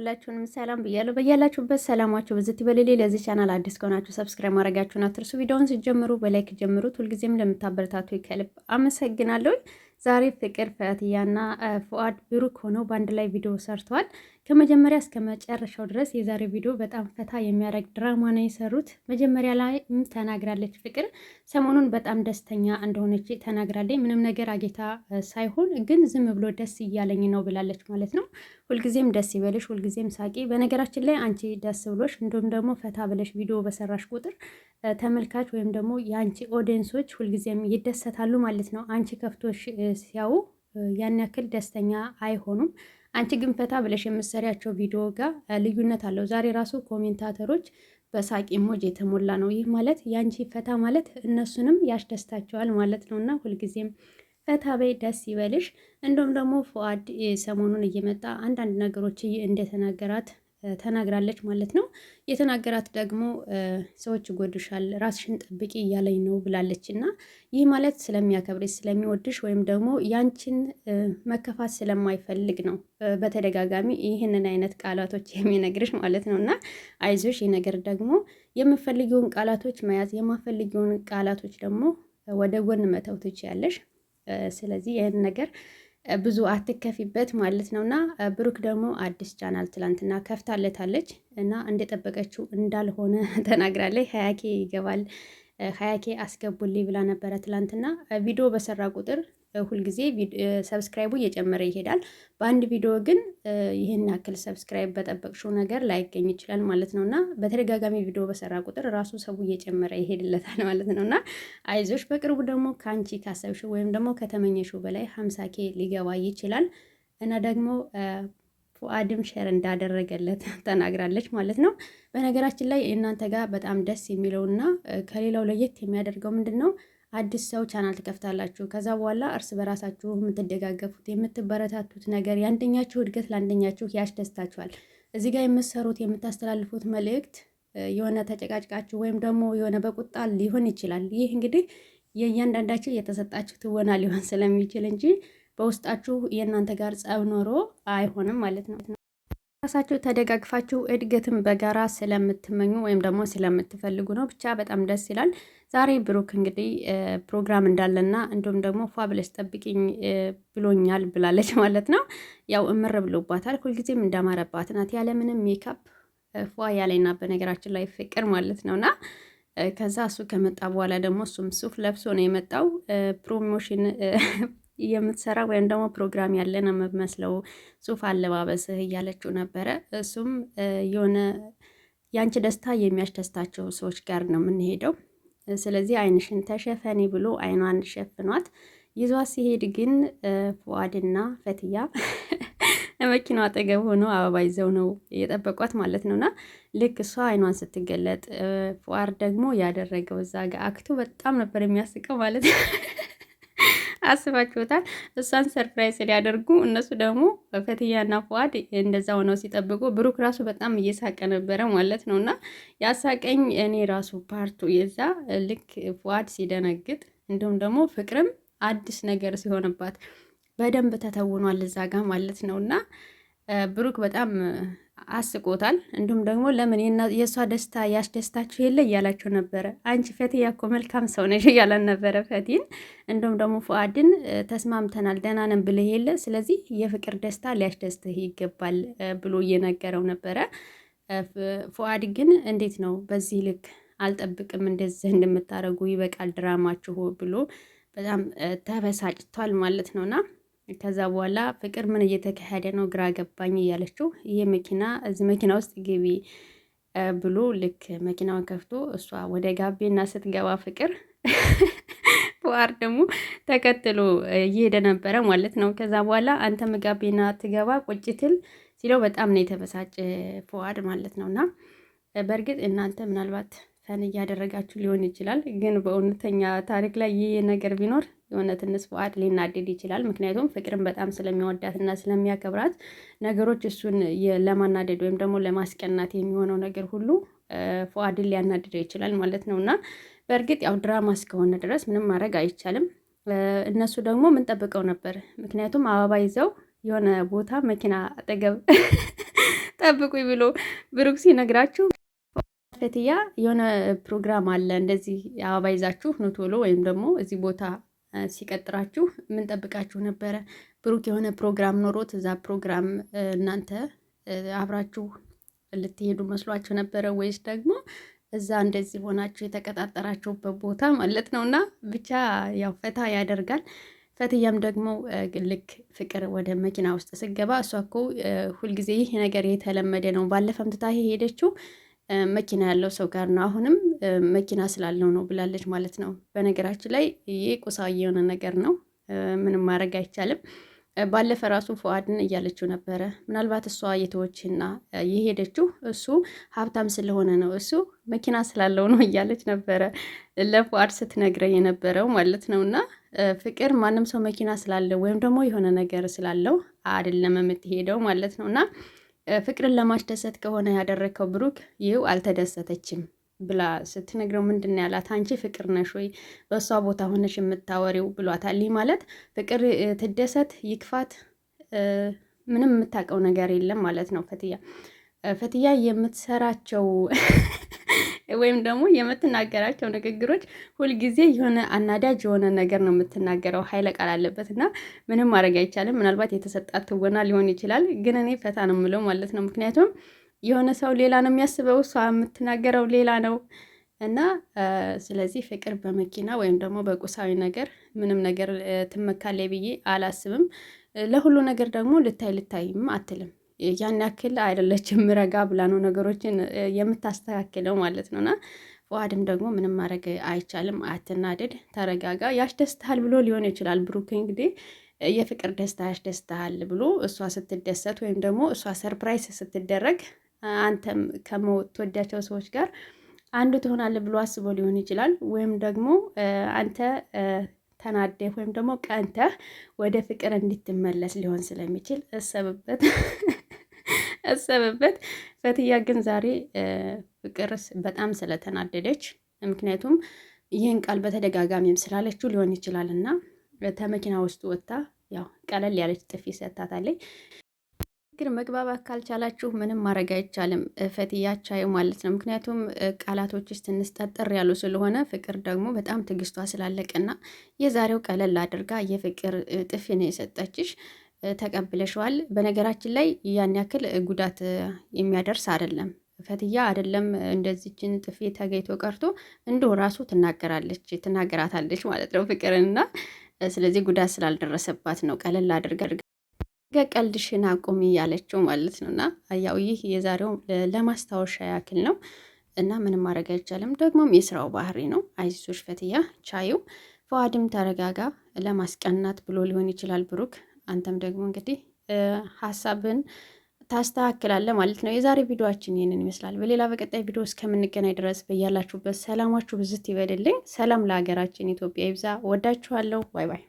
ሁላችሁንም ሰላም ብያለሁ። በያላችሁበት ሰላማችሁ በዚህ በሌሌ። ለዚህ ቻናል አዲስ ከሆናችሁ ሰብስክራይብ ማድረጋችሁን አትርሱ። ቪዲዮውን ሲጀምሩ በላይክ ጀምሩት። ሁልጊዜም ለምታበረታቱ ከልብ አመሰግናለሁ። ዛሬ ፍቅር ፈትያና ፉአድ ብሩክ ሆነው በአንድ ላይ ቪዲዮ ሰርተዋል። ከመጀመሪያ እስከ መጨረሻው ድረስ የዛሬ ቪዲዮ በጣም ፈታ የሚያደርግ ድራማ ነው የሰሩት። መጀመሪያ ላይ ተናግራለች ፍቅር ሰሞኑን በጣም ደስተኛ እንደሆነች ተናግራለች። ምንም ነገር አጌታ ሳይሆን ግን ዝም ብሎ ደስ እያለኝ ነው ብላለች ማለት ነው። ሁልጊዜም ደስ ይበልሽ፣ ሁልጊዜም ሳቂ። በነገራችን ላይ አንቺ ደስ ብሎሽ እንዲሁም ደግሞ ፈታ ብለሽ ቪዲዮ በሰራሽ ቁጥር ተመልካች ወይም ደግሞ የአንቺ ኦዲየንሶች ሁልጊዜም ይደሰታሉ ማለት ነው። አንቺ ከፍቶሽ ሲያዩ ያን ያክል ደስተኛ አይሆኑም። አንቺ ግን ፈታ ብለሽ የምትሰሪያቸው ቪዲዮ ጋር ልዩነት አለው። ዛሬ ራሱ ኮሜንታተሮች በሳቂ ሞጅ የተሞላ ነው። ይህ ማለት የአንቺ ፈታ ማለት እነሱንም ያስደስታቸዋል ማለት ነው። እና ሁልጊዜም ፈታ በይ፣ ደስ ይበልሽ። እንዲሁም ደግሞ ፉአድ ሰሞኑን እየመጣ አንዳንድ ነገሮች እንደተናገራት ተናግራለች ማለት ነው። የተናገራት ደግሞ ሰዎች ይጎዱሻል፣ ራስሽን ጠብቂ እያለኝ ነው ብላለች እና ይህ ማለት ስለሚያከብርሽ ስለሚወድሽ፣ ወይም ደግሞ ያንቺን መከፋት ስለማይፈልግ ነው በተደጋጋሚ ይህንን አይነት ቃላቶች የሚነግርሽ ማለት ነው። እና አይዞሽ፣ ይህ ነገር ደግሞ የምፈልጊውን ቃላቶች መያዝ የማፈልጊውን ቃላቶች ደግሞ ወደ ጎን መተው ትችያለሽ። ስለዚህ ይህን ነገር ብዙ አትከፊበት ማለት ነው። እና ብሩክ ደግሞ አዲስ ቻናል ትላንትና ከፍታለታለች እና እንደጠበቀችው እንዳልሆነ ተናግራለች። ሀያኬ ይገባል ሀያኬ አስገቡልኝ ብላ ነበረ ትላንትና ቪዲዮ በሰራ ቁጥር ሁልጊዜ ሰብስክራይቡ እየጨመረ ይሄዳል። በአንድ ቪዲዮ ግን ይህን ያክል ሰብስክራይብ በጠበቅሽው ነገር ላይገኝ ይችላል ማለት ነው እና በተደጋጋሚ ቪዲዮ በሰራ ቁጥር ራሱ ሰቡ እየጨመረ ይሄድለታል ማለት ነው እና አይዞሽ፣ በቅርቡ ደግሞ ከአንቺ ካሰብሽው ወይም ደግሞ ከተመኘሽው በላይ ሀምሳ ኬ ሊገባ ይችላል እና ደግሞ ፉአድም ሸር እንዳደረገለት ተናግራለች ማለት ነው። በነገራችን ላይ እናንተ ጋር በጣም ደስ የሚለውና ከሌላው ለየት የሚያደርገው ምንድን ነው? አዲስ ሰው ቻናል ትከፍታላችሁ። ከዛ በኋላ እርስ በራሳችሁ የምትደጋገፉት የምትበረታቱት ነገር የአንደኛችሁ እድገት ለአንደኛችሁ ያስደስታችኋል። እዚህ ጋር የምትሰሩት የምታስተላልፉት መልእክት የሆነ ተጨቃጭቃችሁ ወይም ደግሞ የሆነ በቁጣ ሊሆን ይችላል። ይህ እንግዲህ የእያንዳንዳችሁ የተሰጣችሁ ትወና ሊሆን ስለሚችል እንጂ በውስጣችሁ የእናንተ ጋር ጸብ ኖሮ አይሆንም ማለት ነው። ራሳችሁ ተደጋግፋችሁ እድገትን በጋራ ስለምትመኙ ወይም ደግሞ ስለምትፈልጉ ነው። ብቻ በጣም ደስ ይላል። ዛሬ ብሩክ እንግዲህ ፕሮግራም እንዳለና እንዲሁም ደግሞ ፏ ብለሽ ብሎኛል ብላለች ማለት ነው። ያው እምር ብሎባታል። ሁልጊዜም እንዳማረባት ናት ያለምንም ሜካፕ ፏ ያለና በነገራችን ላይ ፍቅር ማለት ነውና ከዛ እሱ ከመጣ በኋላ ደግሞ እሱም ሱፍ ለብሶ ነው የመጣው ፕሮሞሽን የምትሰራ ወይም ደግሞ ፕሮግራም ያለን የምመስለው ጽሁፍ አለባበስህ እያለችው ነበረ። እሱም የሆነ የአንቺ ደስታ የሚያስደስታቸው ሰዎች ጋር ነው የምንሄደው፣ ስለዚህ አይንሽን ተሸፈኒ ብሎ አይኗን ሸፍኗት ይዟት ሲሄድ ግን ፉአድና ፈትያ መኪናው አጠገብ ሆኖ አበባ ይዘው ነው የጠበቋት ማለት ነውና ልክ እሷ አይኗን ስትገለጥ ፉአድ ደግሞ ያደረገው እዛ ጋር አክቱ በጣም ነበር የሚያስቀው ማለት ነው። አስባችሁታል? እሷን ሰርፕራይዝ ሊያደርጉ እነሱ ደግሞ ፈትያና ፏድ እንደዛ ሆነው ሲጠብቁ ብሩክ ራሱ በጣም እየሳቀ ነበረ ማለት ነው። እና ያሳቀኝ እኔ ራሱ ፓርቱ የዛ ልክ ፏድ ሲደነግጥ፣ እንዲሁም ደግሞ ፍቅርም አዲስ ነገር ሲሆንባት በደንብ ተተውኗል እዛ ጋር ማለት ነው እና ብሩክ በጣም አስቆታል። እንዲሁም ደግሞ ለምን የእሷ ደስታ ያስደስታችሁ የለ እያላችሁ ነበረ። አንቺ ፈትያ እኮ መልካም ሰው ነሽ እያለን ነበረ ፈቲን። እንዲሁም ደግሞ ፉአድን ተስማምተናል፣ ደህና ነን ብለህ የለ ስለዚህ የፍቅር ደስታ ሊያስደስትህ ይገባል ብሎ እየነገረው ነበረ። ፉአድ ግን እንዴት ነው በዚህ ልክ አልጠብቅም እንደዚህ እንደምታደርጉ ይበቃል ድራማችሁ ብሎ በጣም ተበሳጭቷል ማለት ነውና ከዛ በኋላ ፍቅር ምን እየተካሄደ ነው ግራ ገባኝ እያለችው ይህ መኪና እዚህ መኪና ውስጥ ግቢ ብሎ ልክ መኪናውን ከፍቶ እሷ ወደ ጋቢና ስትገባ ፍቅር ፍቅር ደግሞ ተከትሎ እየሄደ ነበረ ማለት ነው። ከዛ በኋላ አንተም ጋቢና ትገባ ቁጭ ትል ሲለው በጣም ነው የተበሳጨ ፉአድ ማለት ነው። እና በእርግጥ እናንተ ምናልባት ሰን እያደረጋችሁ ሊሆን ይችላል። ግን በእውነተኛ ታሪክ ላይ ይህ ነገር ቢኖር የእውነት እነስ ፉአድ ሊናደድ ይችላል። ምክንያቱም ፍቅርን በጣም ስለሚወዳትና ስለሚያከብራት ነገሮች እሱን ለማናደድ ወይም ደግሞ ለማስቀናት የሚሆነው ነገር ሁሉ ፈዋድን ሊያናድደው ይችላል ማለት ነው። እና በእርግጥ ያው ድራማ እስከሆነ ድረስ ምንም ማድረግ አይቻልም። እነሱ ደግሞ ምን ጠብቀው ነበር? ምክንያቱም አበባ ይዘው የሆነ ቦታ መኪና አጠገብ ጠብቁኝ ብሎ ብሩክ ሲነግራችሁ ፈትያ የሆነ ፕሮግራም አለ፣ እንደዚህ አበባ ይዛችሁ ኑ ቶሎ፣ ወይም ደግሞ እዚህ ቦታ ሲቀጥራችሁ ምን ጠብቃችሁ ነበረ? ብሩክ የሆነ ፕሮግራም ኖሮት እዛ ፕሮግራም እናንተ አብራችሁ ልትሄዱ መስሏችሁ ነበረ ወይስ ደግሞ እዛ እንደዚህ ሆናችሁ የተቀጣጠራችሁበት ቦታ ማለት ነው። እና ብቻ ያው ፈታ ያደርጋል። ፈትያም ደግሞ ልክ ፍቅር ወደ መኪና ውስጥ ስገባ እሷ እኮ ሁልጊዜ ይህ ነገር የተለመደ ነው፣ ባለፈም ትታ ሄደችው መኪና ያለው ሰው ጋር ነው። አሁንም መኪና ስላለው ነው ብላለች ማለት ነው። በነገራችን ላይ ይህ ቁሳዊ የሆነ ነገር ነው። ምንም ማድረግ አይቻልም። ባለፈ ራሱ ፉአድን እያለችው ነበረ። ምናልባት እሷ የተወችና የሄደችው እሱ ሀብታም ስለሆነ ነው እሱ መኪና ስላለው ነው እያለች ነበረ ለፉአድ ስትነግረ የነበረው ማለት ነው። እና ፍቅር ማንም ሰው መኪና ስላለው ወይም ደግሞ የሆነ ነገር ስላለው አይደለም የምትሄደው ማለት ነው እና ፍቅርን ለማስደሰት ከሆነ ያደረከው ብሩክ ይኸው አልተደሰተችም ብላ ስትነግረው ምንድን ነው ያላት? አንቺ ፍቅር ነሽ ወይ በእሷ ቦታ ሆነሽ የምታወሪው ብሏታል። ይህ ማለት ፍቅር ትደሰት ይክፋት፣ ምንም የምታውቀው ነገር የለም ማለት ነው። ፈትያ ፈትያ የምትሰራቸው ወይም ደግሞ የምትናገራቸው ንግግሮች ሁልጊዜ የሆነ አናዳጅ የሆነ ነገር ነው የምትናገረው። ኃይለ ቃል አለበት እና ምንም ማድረግ አይቻልም። ምናልባት የተሰጣት ትወና ሊሆን ይችላል፣ ግን እኔ ፈታ ነው የምለው ማለት ነው። ምክንያቱም የሆነ ሰው ሌላ ነው የሚያስበው፣ እሷ የምትናገረው ሌላ ነው እና ስለዚህ ፍቅር በመኪና ወይም ደግሞ በቁሳዊ ነገር ምንም ነገር ትመካለች ብዬ አላስብም። ለሁሉ ነገር ደግሞ ልታይ ልታይም አትልም። ያን ያክል አይደለችም፣ ረጋ ብላ ነው ነገሮችን የምታስተካክለው ማለት ነውና ዋድም ደግሞ ምንም ማድረግ አይቻልም። አትናደድ፣ ተረጋጋ። ያስደስትሃል ብሎ ሊሆን ይችላል ብሩክ እንግዲህ የፍቅር ደስታ ያስደስትሃል ብሎ እሷ ስትደሰት ወይም ደግሞ እሷ ሰርፕራይዝ ስትደረግ አንተም ከምትወዳቸው ሰዎች ጋር አንዱ ትሆናለህ ብሎ አስቦ ሊሆን ይችላል። ወይም ደግሞ አንተ ተናደህ ወይም ደግሞ ቀንተህ ወደ ፍቅር እንድትመለስ ሊሆን ስለሚችል እሰብበት። አሰበበት። ፈትያ ግን ዛሬ ፍቅር በጣም ስለተናደደች ምክንያቱም ይህን ቃል በተደጋጋሚም ስላለችው ሊሆን ይችላል እና ተመኪና ውስጥ ወጥታ ያው ቀለል ያለች ጥፊ ሰታታለች። ግን መግባባት ካልቻላችሁ ምንም ማድረግ አይቻልም። ፈትያ ቻዩ ማለት ነው። ምክንያቱም ቃላቶችሽ ትንሽ ጠጠር ያሉ ስለሆነ ፍቅር ደግሞ በጣም ትግስቷ ስላለቀና የዛሬው ቀለል አድርጋ የፍቅር ጥፊ ነው የሰጠችሽ። ተቀብለሽዋል። በነገራችን ላይ ያን ያክል ጉዳት የሚያደርስ አይደለም። ፈትያ አይደለም እንደዚችን ጥፊ ተገይቶ ቀርቶ እንዲሁ ራሱ ትናገራለች ትናገራታለች ማለት ነው ፍቅርንና ስለዚህ ጉዳት ስላልደረሰባት ነው ቀለል አድርጋ ቀልድሽን አቁሚ ያለችው ማለት ነው። እና ያው ይህ የዛሬው ለማስታወሻ ያክል ነው እና ምንም ማድረግ አይቻልም። ደግሞም የስራው ባህሪ ነው። አይዞሽ ፈትያ ቻዩ። ፈዋድም ተረጋጋ። ለማስቀናት ብሎ ሊሆን ይችላል ብሩክ አንተም ደግሞ እንግዲህ ሀሳብን ታስተካክላለ ማለት ነው። የዛሬ ቪዲዮችን ይህንን ይመስላል። በሌላ በቀጣይ ቪዲዮ እስከምንገናኝ ድረስ በያላችሁበት ሰላማችሁ ብዝት ይበልልኝ። ሰላም ለሀገራችን ኢትዮጵያ ይብዛ። ወዳችኋለሁ። ባይ ባይ።